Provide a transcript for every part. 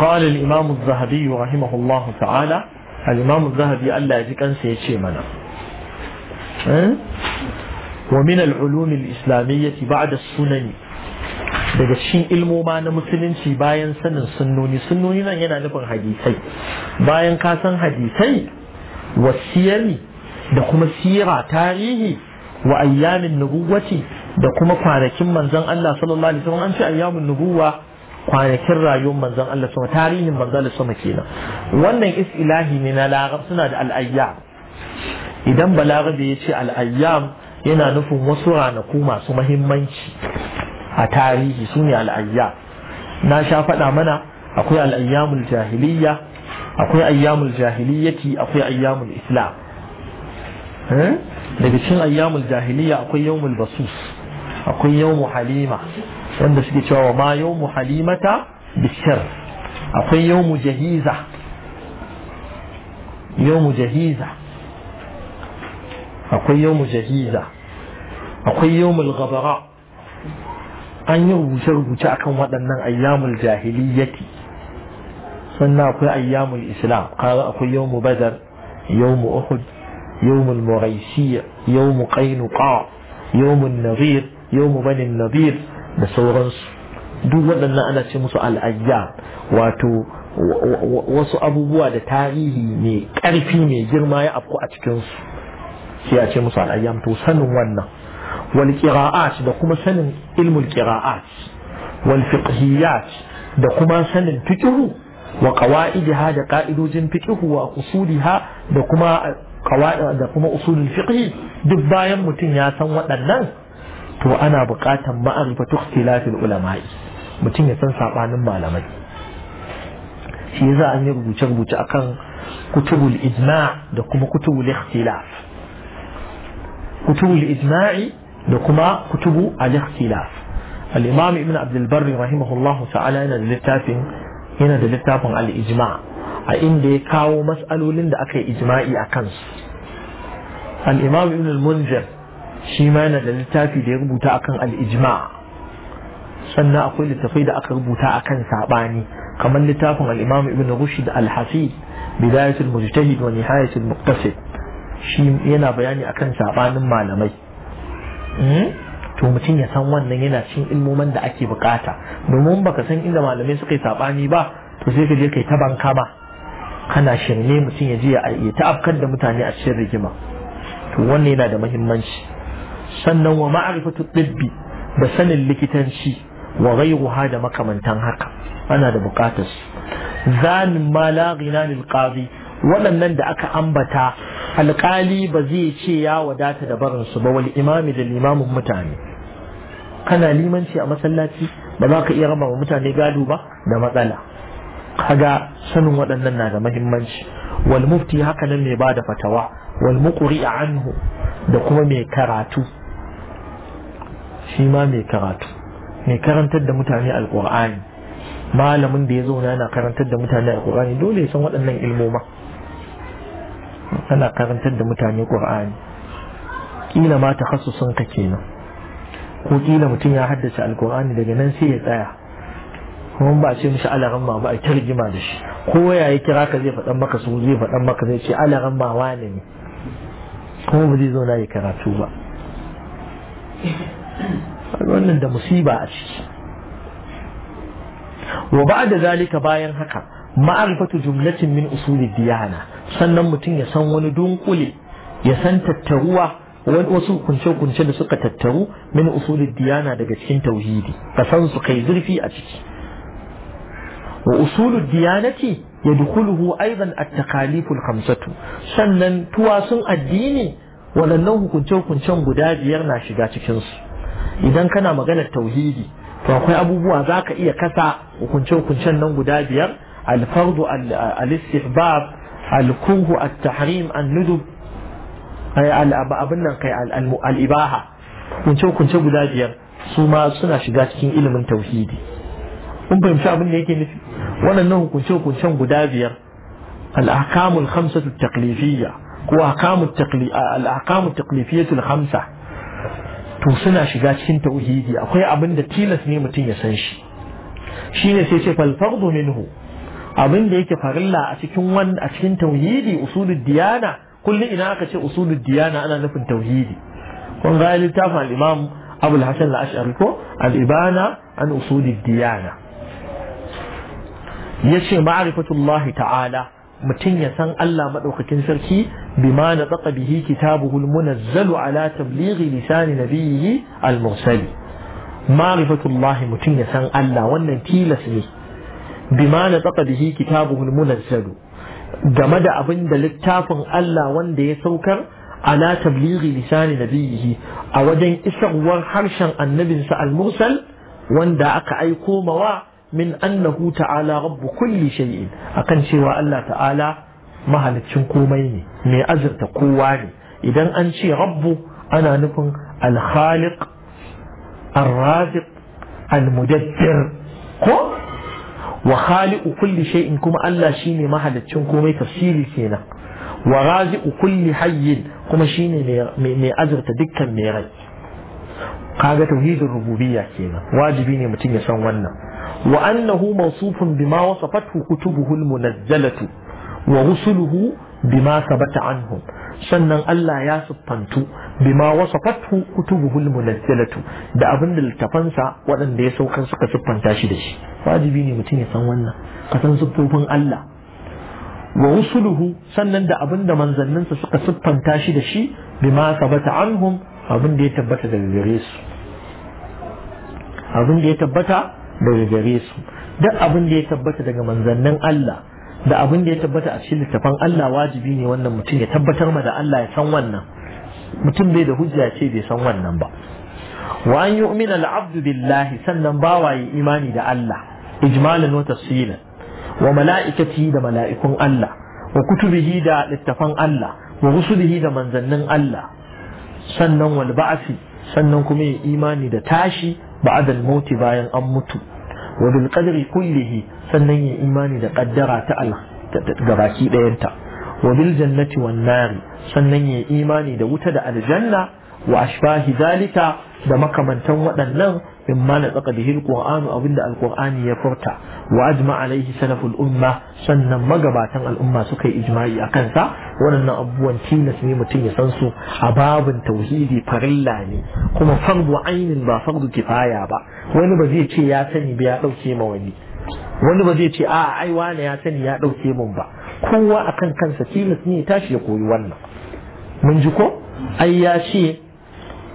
قال الإمام الذهبي رحمه الله تعالى الإمام الذهبي ألا يجكن سيشي منا ومن العلوم الإسلامية بعد السنن daga cikin ilmoma na musulunci bayan sanin sunnoni sunnoni nan yana nufin hadisai bayan ka san hadisai wasiyari da kuma sira tarihi wa ayyamin nubuwati da kuma kwanakin manzon Allah sallallahu alaihi wasallam an ce ayyamin nubuwa kwanakin rayuwar manzon Allah sama tarihin manzon Allah sama kenan wannan ilahi ne na larab suna da al'ayyam idan balarabe ya ce al'ayyam yana nufin wasu ranaku masu mahimmanci a tarihi su ne al'ayyam na sha faɗa mana akwai al'ayyamul jahiliya akwai ayyamul jahiliyyati akwai ayyamul islam eh? daga cikin ayyamul jahiliya akwai yawmul basus akwai yawmul halima wanda suke cewa wa ma yawmu halimata bishir akwai yawmu jahiza yawmu jahiza akwai yawmu jahiza akwai yawmul gabara an yi rubuce-rubuce akan waɗannan ayyamul jahiliyyati sannan akwai ayyamul islam kaga akwai yawmu badar yawmu uhud yawmul muraisiyya yawmu qainuqa yawmun nadir yawmu bani nadir da sauransu duk waɗannan ana ce musu al'ayya wato wasu abubuwa da tarihi mai ƙarfi mai girma ya afku a cikinsu sai a ce musu al'ayyam to sanin wannan wal da kuma sanin ilmul qira'at wal fiqhiyat da kuma sanin fiqhu wa ha da qa'idojin fiqhu wa ha da kuma da kuma usulul fiqh duk bayan mutum ya san waɗannan to ana buƙatar ma'arifatu ikhtilafil ulama'i mutum ya san saɓanin malamai shi za an yi rubuce-rubuce akan kutubul ijma' da kuma kutubul ikhtilaf kutubul ijma'i da kuma kutubu al-ikhtilaf al-imam ibn abd al-barr rahimahullahu ta'ala yana da littafin yana da littafin al-ijma' a inda ya kawo mas'alolin da aka yi ijma'i akan su al-imam ibn al-munzir shi ma yana da littafi da ya rubuta akan al sannan akwai littafai da aka rubuta akan sabani kamar littafin al-imam ibn rushd al-hasid bidayatul mujtahid wa nihayatul muqtasid shi yana bayani akan sabanin malamai hmm? to mutum ya san wannan yana cin ilmomin da ake bukata domin baka san inda malamai suka yi sabani ba to sai ka je kai ta banka ba kana shirme mutum ya je ya afkar da mutane a cikin rigima to wannan yana da muhimmanci sannan wa ma'arifatu ɗibbi da sanin likitanci wa ha da makamantan haka ana da bukatar su zanin ma la ghina qadi waɗannan da aka ambata alƙali ba zai ce ya wadata da barin su ba wal imami da limamin mutane kana limanci a masallaci ba za ka iya raba wa mutane gado ba da matsala kaga sanin waɗannan na da mahimmanci wal mufti haka nan mai bada fatawa wal a anhu da kuma mai karatu shi ma mai karatu mai karantar da mutane alkur'ani malamin da ya zauna yana karantar da mutane alkur'ani dole ya san waɗannan ilmoma ana karantar da mutane ƙur'ani kila ma ta sun ka kenan ko kila mutum ya haddace alkur'ani daga nan sai ya tsaya kuma ba ce mishi alaran ma ba a tarjima da shi ko ya yi kira ka zai faɗan maka su zai faɗan maka zai ce alaran ba wane ne kuma ba zai zauna yi karatu ba wannan da musiba a ciki wa da zalika bayan haka ma'arifatu jumlatin min usuli diyana sannan mutum ya san wani dunkule ya san tattaruwa wasu kunce-kunce da suka tattaru min usuli diyana daga cikin tauhidi ka san su kai zurfi a ciki wa usulu diyanati ya dukuluhu aizan a takaliful hamsatu sannan tuwasun addini waɗannan hukunce-hukuncen guda biyar na shiga cikinsu idan kana maganar tauhidi to akwai abubuwa za ka iya kasa hukunce-hukuncen nan guda biyar alfardu al-istihbab al-kurhu at-tahrim an-nudub abin nan kai al-ibaha hukunce-hukunce guda biyar su ma suna shiga cikin ilimin tauhidi kun fahimci abin da yake nufi waɗannan hukunce-hukuncen guda biyar al-ahkamul khamsatu taklifiyya ko ahkamut taklifiyatul khamsa to suna shiga cikin tauhidi akwai abin da tilas ne mutum ya san shi ne sai ce fal minhu abin da yake farilla a cikin a cikin tauhidi usulud diyana kullum ina aka ce usulud diyana ana nufin tauhidi kun ga littafin al-imam Abu al-Hasan al-Ash'ari ko al-Ibana an usulud diyana yace ma'rifatullahi ta'ala mutum ya san Allah maɗaukakin sarki bima na tsaka bihi kitabuhul munazzalu ala tablighi lisani nabiyhi al-mursali ma'rifatullahi mutum ya san Allah wannan tilas ne bima na tsaka bihi kitabuhul munazzalu game da abin da littafin Allah wanda ya saukar ala tablighi lisani nabiyhi a wajen isarwar harshen annabinsa al-mursal wanda aka aiko mawa من أنه تعالى رب كل شيء أكن سوى الله تعالى ما هل تشنكومين مي أزر تقواني إذا أنشي رب أنا نكون الخالق الرازق المدبر هو وخالق كل شيء كما ألا شيني ما هل تشنكومين تفسيري كينا ورازق كل حي كما شيني مي أزر تدكا ميري كاغا توحيد الربوبية كينا واجبيني متين وَنَّا wa annahu mawsufun bima wasafathu kutubuhu almunazzalatu wa rusuluhu bima sabata anhum sannan Allah ya siffantu bima wasu fatu kutubuhu almunazzalatu da abin da littafansa waɗanda ya saukar suka siffanta shi da shi wajibi ne mutum ya san wannan ka san siffofin Allah wa rusuluhu sannan da abin da manzanninsa suka siffanta shi da shi bima sabata anhum abin da ya tabbata daga gare su abin da ya tabbata daga gare su duk abin da ya tabbata daga manzannin Allah da abin da ya tabbata a cikin littafan Allah wajibi ne wannan mutum ya tabbatar ma da Allah ya san wannan mutum bai da hujja ce bai san wannan ba wa an yu'mina al-abdu billahi sannan bawa imani da Allah ijmalan wa tafsilan wa mala'ikati da mala'ikun Allah wa kutubihi da littafan Allah wa rusulihi da manzannin Allah sannan wal ba'si sannan kuma ya imani da tashi ba'ad al bayan an mutu wa bil qadri kullihi sannan yin imani da ƙaddara ta Allah gabaki ɗayanta wa bil jannati wan nar sannan yin imani da wuta da aljanna wa ashbahi zalika da makamantan waɗannan in ma na tsaka da hilƙur'anu abinda alƙur'ani ya furta wa ajma alaihi salaful umma sannan magabatan al'umma suka yi ijma'i a kansa waɗannan abubuwan tilas ne mutum ya san su a babin tauhidi farilla ne kuma fardu ainin ba fardu kifaya ba wani ba zai ce ya sani ba ya ɗauke ma wani wani ba zai ce a ai ya sani ya ɗauke mun ba kowa akan kansa tilas ne ya tashi ya koyi wannan mun ji ko ai ya ce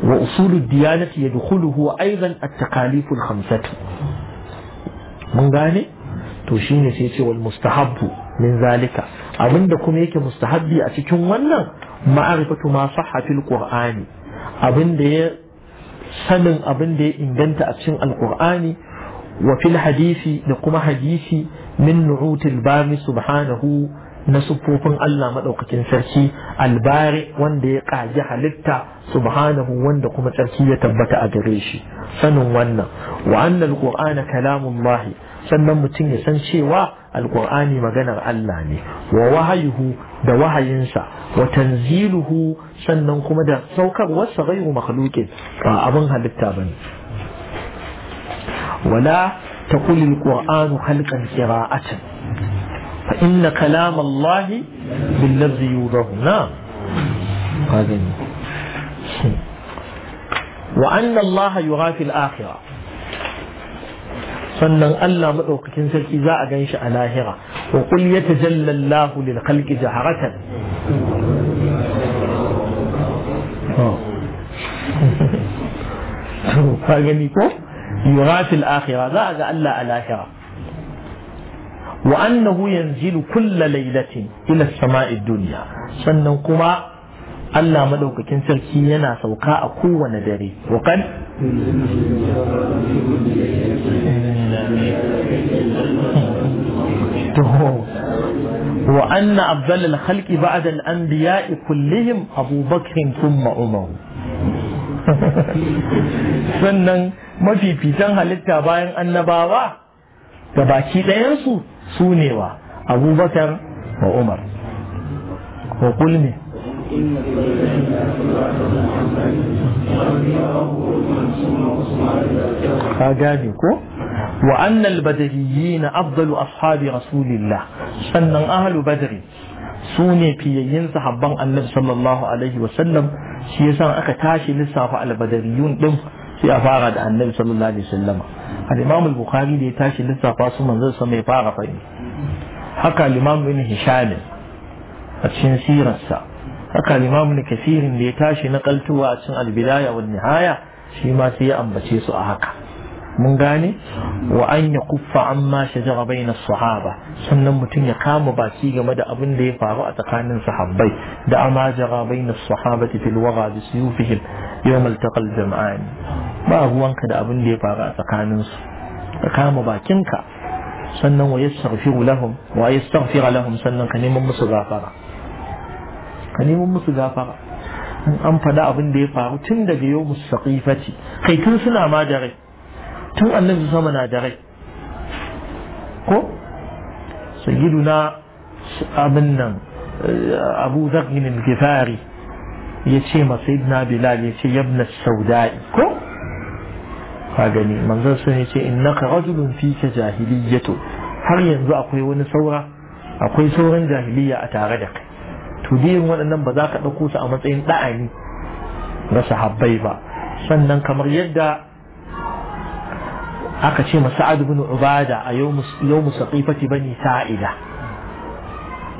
وأصول الديانة يدخله أيضا التكاليف الخمسة من ذلك توشيني سيتي والمستحب من ذلك أبن دكم يكي مستحب أتكم ونا معرفة ما صحة القرآن أبن دي سنن أبن دي إن جنت أتكم القرآن وفي الحديث نقوم حديثي من نعوت البامي سبحانه na sufofin Allah maɗaukakin sarki albari wanda ya ƙaji halitta subhanahu wanda kuma sarki ya tabbata a gare shi sanin wannan wa annal qur'ana kalamun lahi sannan mutum ya san cewa alqur'ani maganar Allah ne wa wahayuhu da wahayinsa wa tanziluhu sannan kuma da saukarwarsa ghairu makhluqin ba abin halitta bane wala taqul alqur'anu khalqan qira'atan فإن كلام الله باللفظ يوضح نعم هذا وأن الله يرى في الآخرة sannan Allah maɗaukakin sarki za a ganshi a lahira wa kul ya tajalla Allah lil khalqi jaharatan ka gani ko yura fil akhirah za a ga Allah a lahira وأنه ينزل kulla ليلة إلى السماء الدنيا sannan kuma Allah madaukakin sarki yana sauka a kowane dare wakan wa anna afdalal khalqi ba'da al-anbiya'i kullihim Abu Bakr thumma Umar sannan mafificin halitta bayan annabawa da baki ɗayansu su ne wa abubakar wa umar wa kulmi ka gane ko wa annal yi na afdalu ashabi rasulillah sannan ahalu badari su ne fiyayyin sahabban annabi sallallahu alaihi wasallam shi yasa aka tashi lissafa albadariyun din sai a fara da annabi sallallahu alaihi wasallama الإمام البخاري دي تاشي لسا فاسو منزل سمي فاغة فاين حكا الإمام بن هشام أتشين سيرا سا حكا الإمام بن كثير دي تاشي نقلتوا أتشين البداية والنهاية شيما سيا أم بشيسو أهكا من غاني وأن يقف عما شجر بين الصحابة سنة متن يقام باكي مدى أبن دي فاغة أتقان صحابي دعما جرى بين الصحابة في الوغى بسيوفهم يوم التقى الجمعان ba ruwanka da abin da ya faru a tsakaninsu ka kama bakinka sannan wa yastaghfiru lahum wa yastaghfira lahum sannan ka neman musu gafara ka neman musu gafara in an faɗa abin da ya faru tun daga yau mustaqifati kai tun suna ma da rai tun annabi sama na da rai ko sayyiduna abin nan abu zargin al-gifari ya ce ma sayyidina bilal ya ce yabna sauda'i ko ka gani manzon sun yace innaka rajulun fi fika jahiliyyatu har yanzu akwai wani saura akwai sauran jahiliya a tare da kai to dai waɗannan ba za ka dauko su a matsayin da'ani ga sahabbai ba sannan kamar yadda aka ce masa sa'ad ibn ubada a yau musaqifati bani sa'ida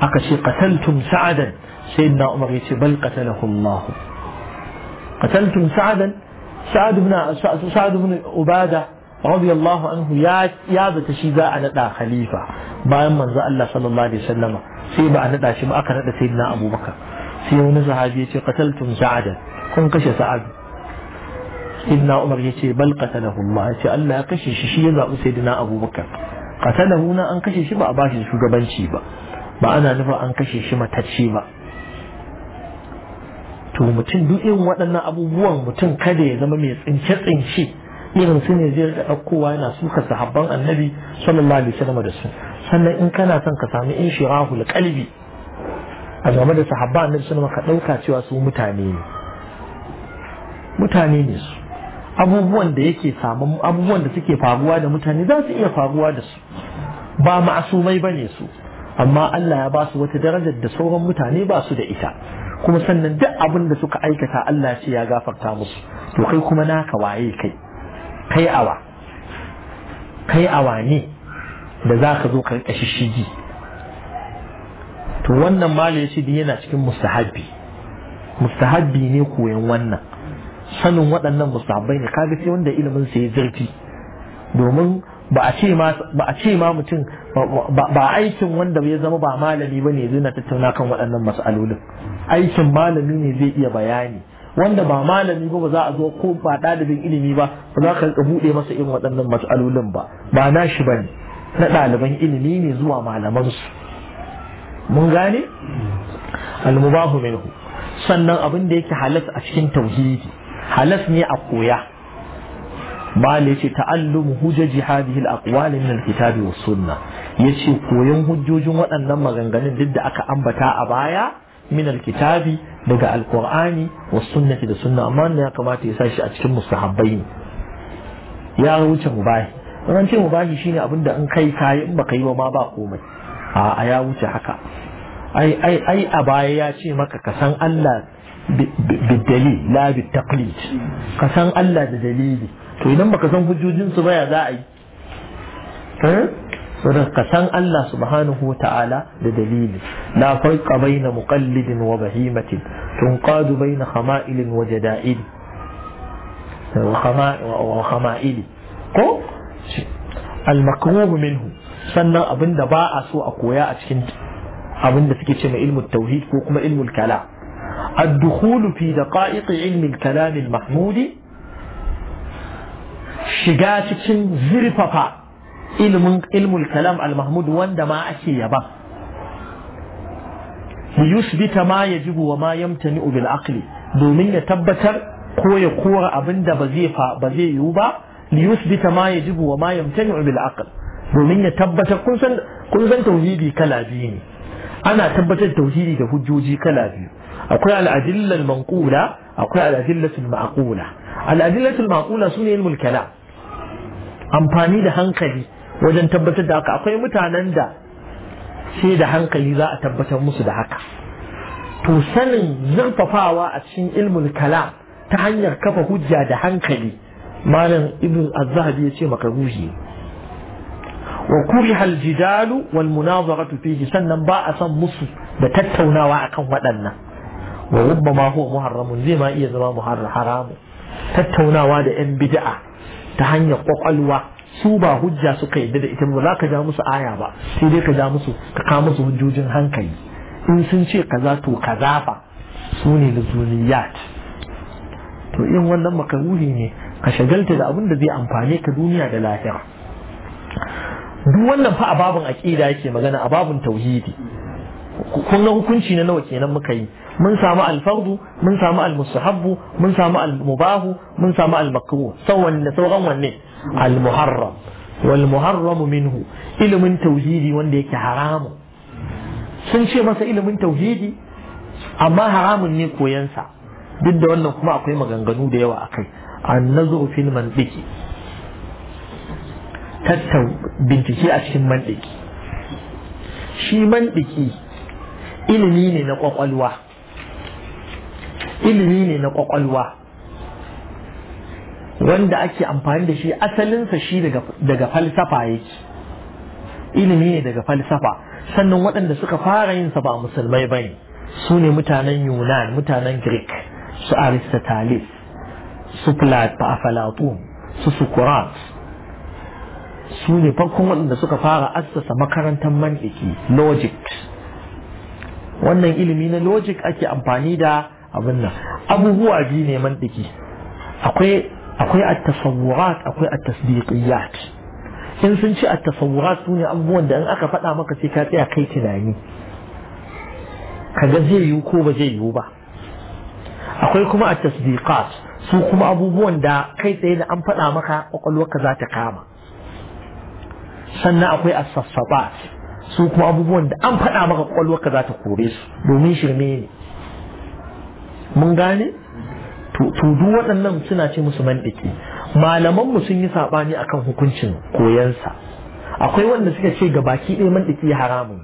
aka ce qataltum sa'adan sayyidina umar yace bal qatalahu allah qataltum sa'adan سعد بن سعد بن عبادة رضي الله عنه يا يا بتشيزا أنا دا خليفة بعد ما نزل الله صلى الله عليه وسلم سيب أنا دا شيء ما أكره دا سيدنا أبو بكر سيب نزل هذه شيء قتلت سعدا كن قش سعد إن عمر يشي بل قتله الله يشي الله قش شيء ذا سيدنا أبو بكر قتله هنا أن قش شيء ما أباش شو جبان شيء ما أنا نفر أن قش شيء ما تشيء to mutum duk irin waɗannan abubuwan mutum kada ya zama mai tsince-tsince irin su ne zai ɗaukowa yana suka sahabban annabi sallallahu alaihi wasallam da su sannan in kana son ka sami in shirahu qalbi a game da sahabban annabi sallallahu ka ɗauka cewa su mutane ne mutane ne su abubuwan da yake samun abubuwan da suke faruwa da mutane za su iya faruwa da su ba ma'asumai bane su amma Allah ya ba su wata darajar da sauran mutane ba su da ita kuma sannan duk abin da suka aikata Allah ce ya gafarta musu to kai kuma naka waye kai kai awa kai awa ne da za ka zo ka rika shishigi to wannan malu ya ce din yana cikin mustahabbi mustahabbi ne koyon wannan sanin waɗannan mustahabbai ne kaga sai wanda ilimin sa ya zurfi domin ba a ce ma mutum ba aikin wanda ya zama ba malami bane zai na tattauna kan waɗannan mas'alolin aikin malami ne zai iya bayani wanda ba malami ba ba za a zo ko ba ɗalibin ilimi ba ba za ka buɗe masa irin waɗannan mas'alolin ba ba na shi bane na ɗaliban ilimi ne zuwa malaman su mun gane almubahu minhu sannan abin da yake halas a cikin tauhidi halas ne a koya ما ليش تعلم هجج هذه الأقوال من الكتاب والسنة يشي كويون هجوج وأن نما غنغن ضد أك أمبتا أبايا من الكتاب دقا القرآن والسنة دا سنة ما كما تيساش أتكم مستحبين يا روجة مباهي وأنت مباهي شيني أبن دا أنكي كاي أمبقي وما باقومي آه أيا روجة حكا أي أي أي أبايا شي مكا كسان الله بالدليل لا بالتقليد كسان الله بدليلي to idan baka san hujjojinsu ba ya za a yi ka san Allah subhanahu wata'ala da dalili la farqa baina muqallidin wa bahimatin tunqadu baina khama'ilin wa jada'id wa khama'ili ko al-makruh minhu sannan abinda ba a so a koya a cikin abinda suke ce mai ilmu tauhid ko kuma ilmu kala ad-dukhulu fi daqa'iq ilmi al-kalam al-mahmudi shiga cikin zurfafa ilmin ilmul kalam al-mahmud wanda ma ake yaba liyusbita ma yajibu wa ma yamtani'u bil aqli domin ya tabbatar ko ya kora abin da ba zai ba zai yiwu ba liyusbita ma yajibu wa ma yamtani'u bil aql domin ya tabbatar kun san kun san tauhidi kala biyu ne ana tabbatar tauhidi da hujjoji kala biyu akwai al-adilla al-manqula akwai al-adillatu al-ma'qula al-adillatu al-ma'qula sune ilmul kalam amfani da hankali wajen tabbatar da haka akwai mutanen da sai da hankali za a tabbatar musu da haka to sanin zurfafawa a cikin ilmul kalam ta hanyar kafa hujja da hankali malam ibn az-zahabi yace ruhi wa kuriha al-jidal wal munazaratu fihi sannan ba a san musu da tattaunawa akan waɗannan wa rubbama huwa muharramun zai ma iya zama muharram haramu tattaunawa da yan bid'a ta hanyar kwakwalwa su ba hujja suka yadda da ita ba za ka ja musu aya ba sai dai ka ja musu ka kawo musu hujjojin hankali in sun ce kaza to kaza fa su ne luzuliyat to in wannan makaruri ne ka shagalta da abin da zai amfane ka duniya da lahira duk wannan fa a babun aqida yake magana a babun tauhidi kun hukunci na nawa kenan muka yi mun samu alfardu mun samu almustahabbu mun samu almubahu mun samu almakruh sauran da sauran wanne almuharram wal minhu ilimin tauhidi wanda yake haramu sun ce masa ilimin tauhidi amma haramun ne koyansa duk da wannan kuma akwai maganganu da yawa akai annazu fil mantiki tattau bincike a cikin mantiki shi mantiki ilimi ne na kwakwalwa ilimi ne na kwakwalwa wanda ake amfani da shi asalinsa shi daga falsafa yake ilimi ne daga falsafa sannan waɗanda suka fara yin sa ba musulmai bane su ne mutanen yunan mutanen greek su aristoteles su plato su sukurat su ne farkon waɗanda suka fara assasa makarantar mantiki logic wannan ilimi na logic ake amfani da abin nan abubuwa biyu ne mantiki akwai akwai at-tasawwurat akwai at-tasdiqiyat in sun ci at-tasawwurat sune abubuwan da in aka faɗa maka sai ka tsaya kai tunani kaga zai yiwu ko ba zai yiwu ba akwai kuma at-tasdiqat su kuma abubuwan da kai tsaye da an faɗa maka kwakwalwarka za ta kama sannan akwai as-sassabat su kuma abubuwan da an faɗa maka ƙwaƙwalwarka za ta kore su domin shirme ne mun gane to duk waɗannan suna ce musu mandiki malaman mu sun yi saɓani akan hukuncin koyansa akwai wanda suka ce ga baki ɗaya mandiki haramun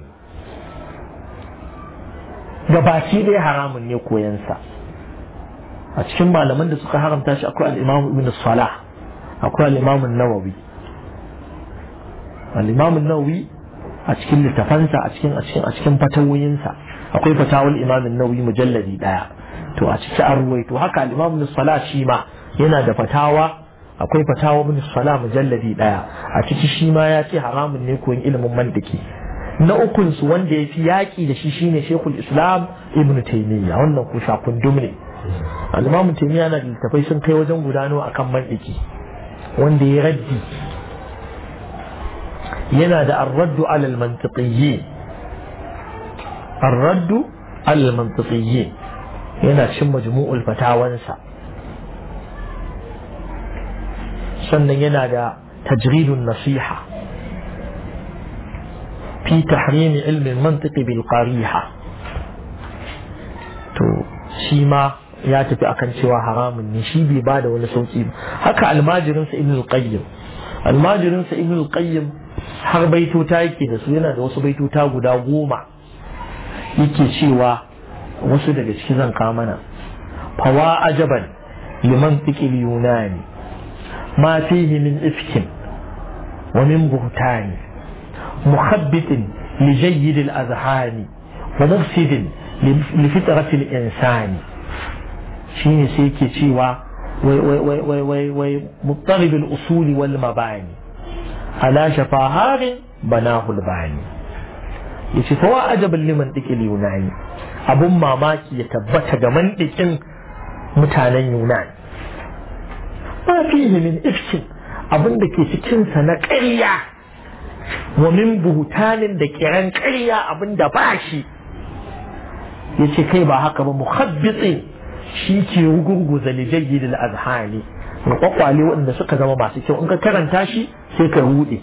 ga baki ɗaya haramun ne koyansa a cikin malaman da suka haramta shi akwai al'imamu ibn salah akwai al'imamun nawawi al'imamun nawawi a cikin littafansa a cikin a cikin a cikin fatawoyinsa akwai fatawul imam an-nawawi mujalladi daya to a cikin arwai to haka al-imam an-salah shi ma yana da fatawa akwai fatawa ibn salah mujalladi daya a ciki shi ma ya ce haramun ne koyin ilimin mantiki na ukun su wanda ya fi yaki da shi shine shekul islam ibn taymiya wannan ko shakundum ne al-imam taymiya na littafai sun kai wajen gudano akan mantiki wanda ya raddi ينادى الرد على المنطقيين الرد على المنطقيين ينا شم مجموع نسا سنة ينادى تجريد النصيحة في تحريم علم المنطق بالقريحة تو شيما ya tafi akan cewa haramun ne shi bai bada wani sauki ba haka almajirinsa ibn al-qayyim almajirinsa ibn al-qayyim har baituta yake da su yana da wasu baituta guda goma yake cewa wasu daga cikin zan kamana fawa ajaban liman fikil yunani ma fihi min ifkin wa min buhtani muhabbitin li jayyid al azhani wa mufsidin li fitrati al insani shine sai yake cewa wai wai wai wai wai mutarib al usuli wal mabani ala shafa harin banahul bani yace fa wa ajabal liman dikil yunani abun mamaki ya tabbata ga mandikin mutanen yunani ba fihi min ifkin abun da ke cikinsa na ƙarya wa min buhutanin da kiran ƙarya abun da ba shi ya ce kai ba haka ba muhabbitsi shi ke rugurguza lijayyid azhani da kwakwale waɗanda suka zama masu kyau in ka karanta shi sai ka ruɗe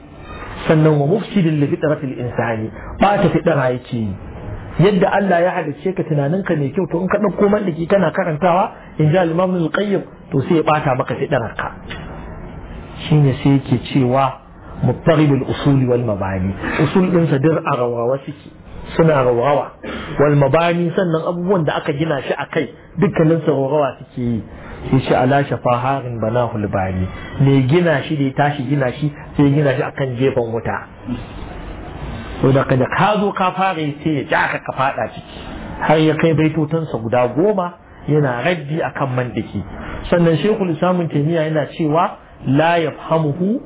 sannan wa mufsidin li fitratil insani ba ta fitra yake yi yadda Allah ya halice ka tunaninka mai kyau to in ka ɗauko mallaki kana karantawa in ji al-imam al-qayyim to sai ya bata maka ka shine sai yake cewa muttaribul usuli wal mabani usul din sa dir suke suna rawawa wal mabani sannan abubuwan da aka gina shi akai dukkanin sa rawawa suke yi shi shi ala shafa harin bana hulbani ne gina shi da tashi gina shi sai gina shi akan gefen wuta to da kada ka zo ka fara sai ya ja ka fada ciki har ya kai baitotansa guda goma yana raddi akan dake. sannan shekul samun taimiyya yana cewa la yafhamuhu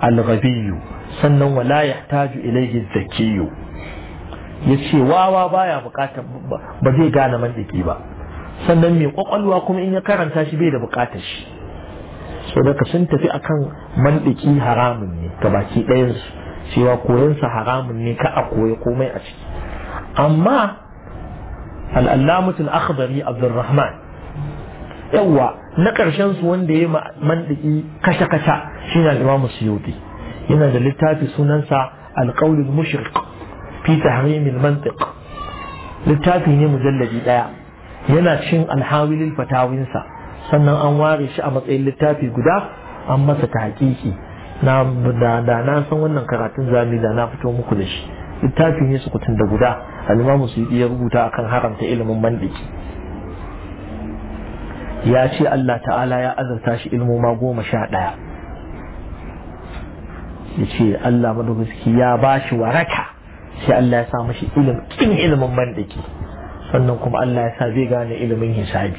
al-ghabiyyu sannan wa la yahtaju ilayhi zakiyyu ya ce wawa baya bukatar ba zai gane dake ba sannan mai kwakwalwa kuma in ya karanta shi bai da bukatar shi so da ka sun tafi akan mandiki haramun ne ga baki ɗayansu cewa koyansa haramun ne ka a koya komai a ciki amma al'allamatul akhbari abdurrahman yawwa na ƙarshen su wanda ya mandiki kasha-kasha shi na imamu suyuti yana da littafi sunansa alƙaulul mushrik fi tahrimil mantiq littafi ne mujalladi ɗaya yana cin alhawilin fatawinsa sannan an ware shi a matsayin littafi guda an masa ta hakiki na da na san wannan karatun zami da na fito muku da shi littafi ne su kutun da guda alimamu su ya rubuta akan haramta ilimin mandiki ya ce Allah ta'ala ya azarta shi ilmoma goma sha ɗaya ya ce Allah madaukaski ya ba shi waraka sai Allah ya sa mashi ilimin ilimin mandiki sannan kuma Allah ya sa zai gane ilimin hisabi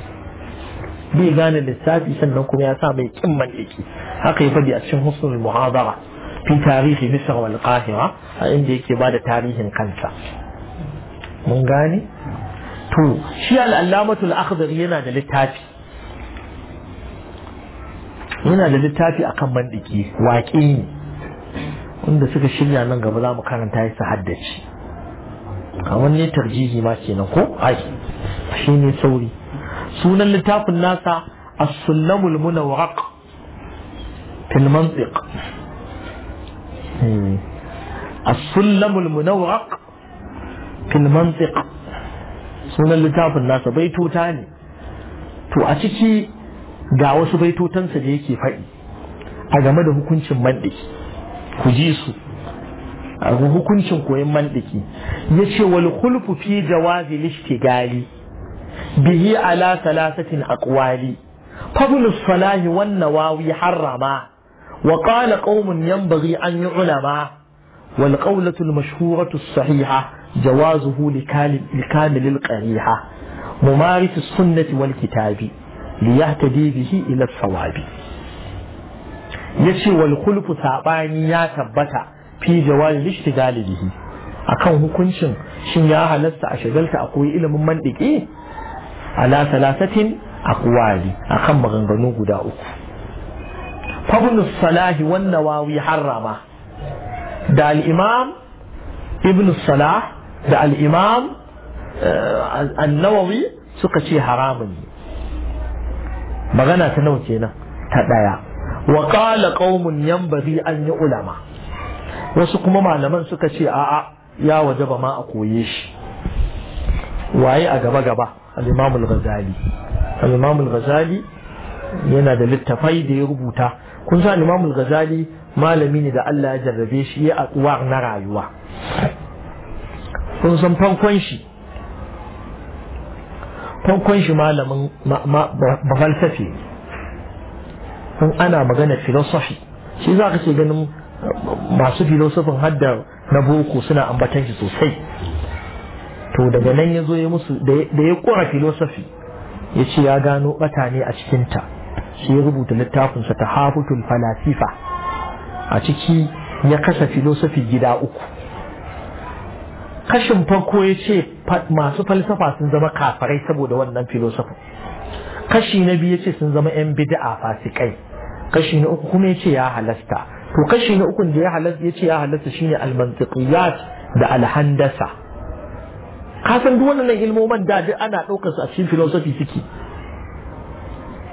bai gane lissafi sannan kuma ya sa mai kin mallaki haka ya faɗi a cikin husnul muhadara fi tarihi misr wal qahira a inda yake bada tarihin kansa mun gane to shi al-allamatul akhdari yana da littafi yana da littafi akan mandiki waƙi ne wanda suka shirya nan gaba za mu karanta ya su haddace a wanne tarjihi ma kenan ko ai shi ne sauri sunan littafin nasa as-sunnamul munawwaq fil mantiq hmm. as-sunnamul munawwaq fil mantiq sunan littafin nasa baitota ne to a ciki ga wasu baitotansa da yake faɗi a game da hukuncin mandiki ku ji su a hukuncin koyon mandiki yace wal في جواز jawazi به على ثلاثة thalathatin قبل fadlu والنواوي حرما وقال قوم ينبغي أن يعلما والقولة المشهورة الصحيحة جوازه لكامل القريحة ممارس السنة والكتاب ليهتدي به إلى الصواب يشي والخلف ثعباني يا ثبت في جواز الاشتغال به akan hukuncin shin ya halasta a shagalta a koyi ilimin mandiki ala salasatin aqwali akan maganganu guda uku fabnu salahi wan nawawi harrama da al ibn salah da al-imam eh, suka ce haramun magana ta nawa kenan ta ɗaya. wa qala qaumun yanbaghi an yi ulama wasu kuma malaman suka ce a'a ya waje ba ma a koye shi waye a gaba gaba al-imamul ghazali al-imamul ghazali yana da littafai da ya rubuta kun san imamul ghazali malami ne da Allah ya jarrabe shi ya atsuwa na rayuwa kun san fankon shi fankon shi malamin falsafi kun ana magana filosofi shi za ka ce ganin masu filosofin haddar. na boko suna ambatan shi sosai to daga nan ya zo ya musu da ya kora filosofi ya ce ya gano bata ne a cikinta shi ya rubuta littafinsa ta hafutul falasifa a ciki ya kasa filosofi gida uku kashin farko ya ce masu falsafa sun zama kafarai saboda wannan filosofin kashi na biyu ya ce sun zama 'yan bid'a fasikai kashi na uku kuma ya ce ya halasta to kashi na ukun da ya halatta ya ce ya halatta shine al da alhandasa. handasa ka san duk wannan ilmoman da duk ana daukar su a cikin philosophy suke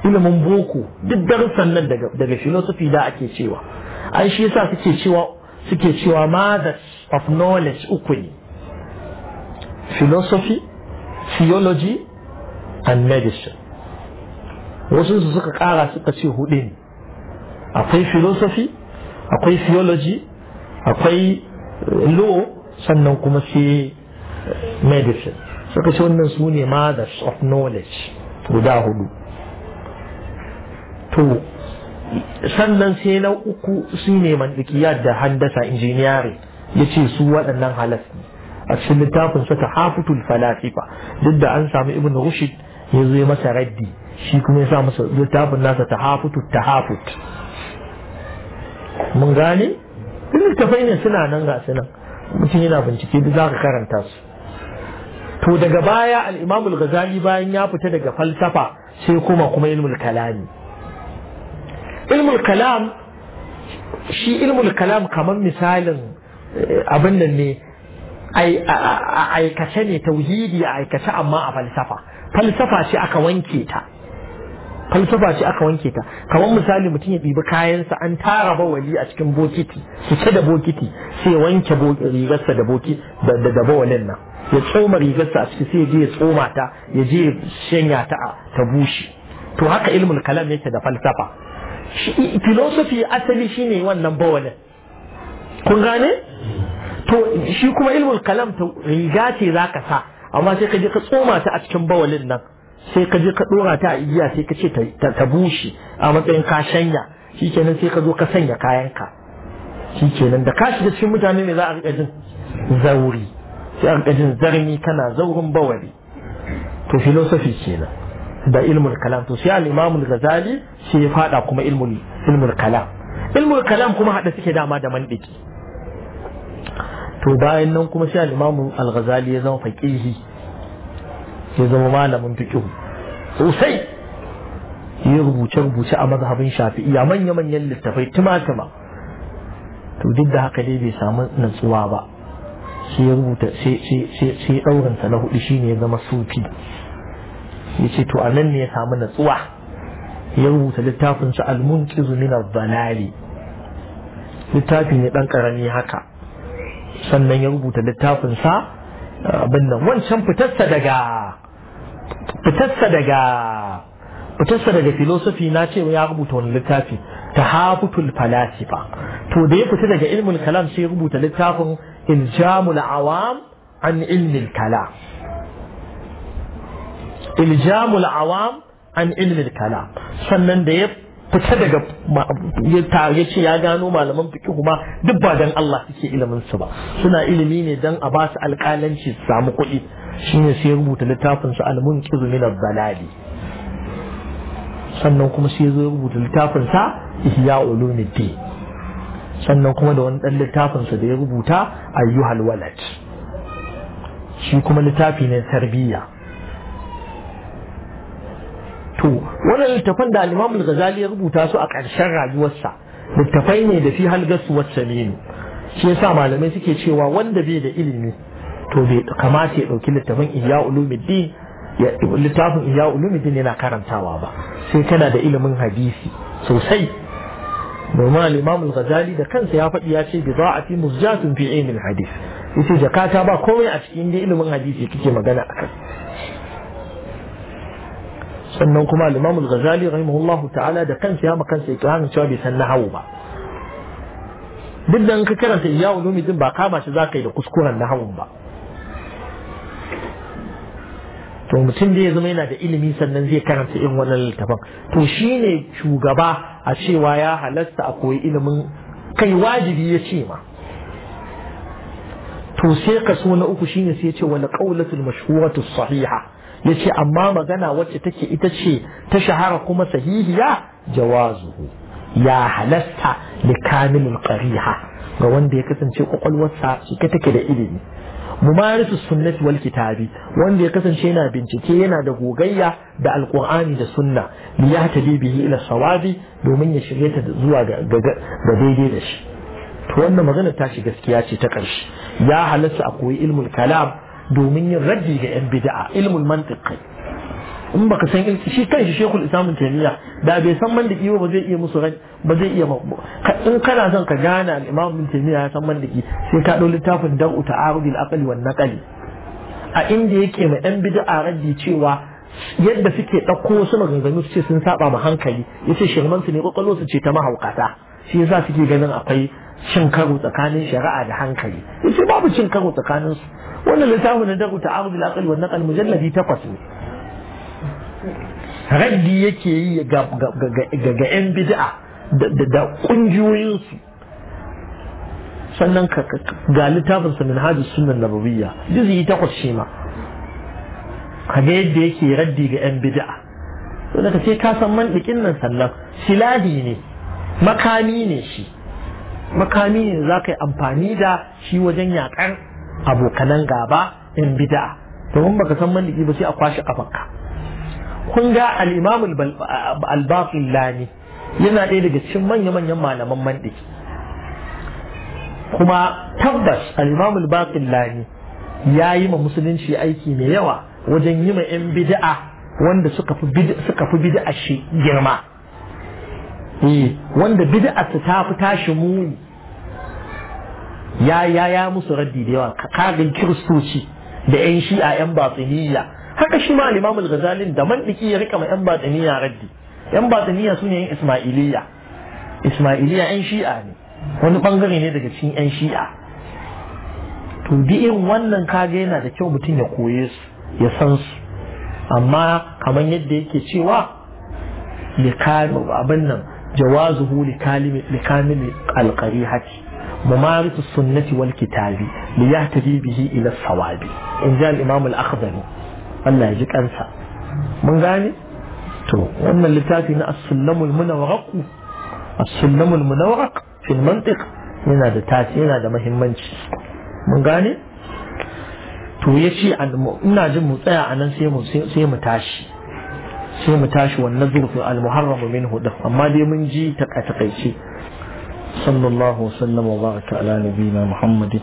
ilimin boko duk darussan nan daga daga philosophy da ake cewa an shi yasa suke cewa suke cewa mothers of knowledge uku ne philosophy theology and medicine wasu su suka kara suka ce hudu ne akwai philosophy akwai theology akwai eh, law sannan kuma sai eh, medicine suka ce wannan su ne mothers of knowledge guda hudu to sannan sai na uku su ne mantikiyar da handasa engineering ya ce su waɗannan halas ne a cikin littafin sa hafutul falasifa duk da an samu ibn rushd ya zo masa raddi shi kuma ya sa masa littafin nasa ta ta hafut. mun gane littafai ne suna nan ga suna mutum yana bincike duk za karanta su to daga baya al-Imam al-Ghazali bayan ya fita daga falsafa sai kuma kuma ilmul kalami ilmul kalam shi ilmul kalam kamar misalin eh, abin nan ne a aikace ne tauhidi a aikace amma a falsafa falsafa ce aka wanke ta falsafa ce aka wanke ta kamar misali mutum ya ɗibi kayansa an tara bawali a cikin bokiti fice da bokiti sai wanke rigarsa da boki da bawalin nan ya tsoma rigarsa a ciki sai ya tsoma ta ya je shanya ta ta bushe to haka ilmin kalam yake da falsafa filosofi asali shine wannan bawalin kun gane to shi kuma ilmin kalam ta riga ce zaka sa amma sai ka je ka tsoma ta a cikin bawalin nan sai ka je ka dora ta a igiya sai ka ce ta bushe a matsayin ka shanya shikenan sai ka zo ka sanya kayanka shikenan da ka shiga cikin mutane ne za a jin zauri sai a riƙa zarni kana zaurin bawari to filosofi kenan da ilmul kalam to sai al-imam ghazali ya fada kuma ilmul ilmul kalam ilmul kalam kuma hada suke dama da mandiki to bayan nan kuma sai al-imam al-ghazali ya zama faqihi ya zama malamin fiqh sosai ya rubuce rubuce a mazhabin a manya manyan littafai timatima to duk da haka dai bai samu natsuwa ba sai ya rubuta sai daurin sa na hudu shine ya zama sufi yace to anan ne ya samu natsuwa ya rubuta littafin su al-munqiz min al-dhalali littafi ne dan karami haka sannan ya rubuta littafin sa abin nan wancan fitarsa daga fitarsa daga fitarsa daga filosofi na ce ya rubuta wani littafi ta hafutul falasifa to da ya fita daga ilmul kalam sai ya rubuta littafin iljamul awam an ilmil kalam iljamul awam an kalam sannan da ya fita daga ya ce ya gano malaman fiqh ma duk ba dan Allah suke ilimin su ba suna ilimi ne dan a ba su alƙalanci su samu kuɗi shine sai ya rubuta littafinsa Almun al-munqidh min ad-dalali sannan kuma sai ya zo rubuta littafinsa ihya ulumuddin sannan kuma da wani dan littafinsa da ya rubuta ayyuhal walad shi kuma littafi ne tarbiyya to wannan littafan da al-Imam al-Ghazali ya rubuta su a ƙarshen rayuwarsa littafai ne da fi halgasu wacce ne shi yasa malamai suke cewa wanda bai da ilimi to bai kamata ya dauki littafin iya ulumuddin ya littafin iya ulumuddin yana karantawa ba sai kana da ilimin hadisi sosai domin al-imam al-ghazali da kansa ya faɗi ya ce bi za'ati muzjatun fi ilmi al hadis yace jakata ba komai a cikin da ilimin hadisi kike magana akan sannan kuma al-imam al-ghazali rahimahullahu ta'ala da kansa ya makansa ikrarin cewa bai san nahawu ba duk da in ka karanta iya ulumuddin ba kama shi zaka yi da kuskuren nahawun ba to mutum da ya zama yana da ilimi sannan zai karanta irin wannan littafin to ne shugaba a cewa ya halasta a koyi ilimin kai wajibi ya ce ma to sai kaso na uku shine sai ya ce wal qawlatul mashhuratu sahiha yace amma magana wacce take ita ce ta shahara kuma sahihiya jawazu ya halasta da kamilul qariha ga wanda ya kasance kwakwalwarsa shi take da ilimi mumarisu sunnati wal kitabi wanda ya kasance yana bincike yana da gogayya da alqur'ani da sunna li yahtadi bihi ila sawabi domin ya shirya ta zuwa ga daidai da shi to wannan magana ta shi gaskiya ce ta ƙarshe ya halatta a koyi ilmul kalam domin yin raddi ga yan bid'a ilmul mantiqi in baka san shi shi shekul islamun taimiyya da bai san mandiki ba zai iya musu ba zai iya in kana son ka gane imam bin taimiyya ya san mandiki sai ka ɗau littafin dar'u ta'arudil aqli wan naƙali a inda yake ma yan a raddi cewa yadda suke ɗauko wasu maganganu su ce sun saba ma hankali ya ce shirman su ne ƙwaƙwalo su ce ta mahaukata shi yasa suke ganin akwai cin karo tsakanin shari'a da hankali ya ce babu cin karo tsakanin wannan littafin na daru ta'arudil aqli mujalladi takwas ne raddi yake yi ga 'yan bid'a da ƙungiyoyinsu sannan ga littafinsa min hajji sunan nabawiyya jizi takwas shi ma kaga yadda yake raddi ga 'yan bid'a to ka ce ka san man ɗikin nan sannan silahi ne makami ne shi makami ne za ka yi amfani da shi wajen yaƙar abokanan gaba 'yan bid'a domin baka san man ba sai a kwashe kafanka kun ga al-imam al yana ɗaya daga cikin manya-manyan malaman mandiki kuma tabbas al-imam al ya yi ma musulunci aiki mai yawa wajen yi ma 'yan bid'a wanda suka fi bid'a shi girma eh, wanda bid'a su ta fi tashi muni ya ya ya musu raddi da yawa ka kagin kiristoci da 'yan shi'a 'yan batiniya haka shi ma al-Imam al-Ghazali da diki ya rika ma yan batiniya raddi yan batiniya sune yan Ismailiyya Ismailiyya yan Shi'a ne wani bangare ne daga cikin yan Shi'a to bi irin wannan kage yana da kyau mutum ya koye su ya san su amma kamar yadda yake cewa kalu abin nan jawazuhu sunnati wal kitabi li yahtadi bihi ila sawabi in ja al-Imam al-Akhdari Allah ya ji kansa mun gane to wannan littafi na as-sulamul munawwaraq as-sulamul munawwaraq fil mantiq yana da tace yana da muhimmanci mun gane to yace ina jin mu tsaya anan sai mu sai mu tashi sai mu tashi wannan zurfi al-muharram minhu da amma dai mun ji takaice sallallahu alaihi wa sallam wa baraka ala nabiyina muhammadin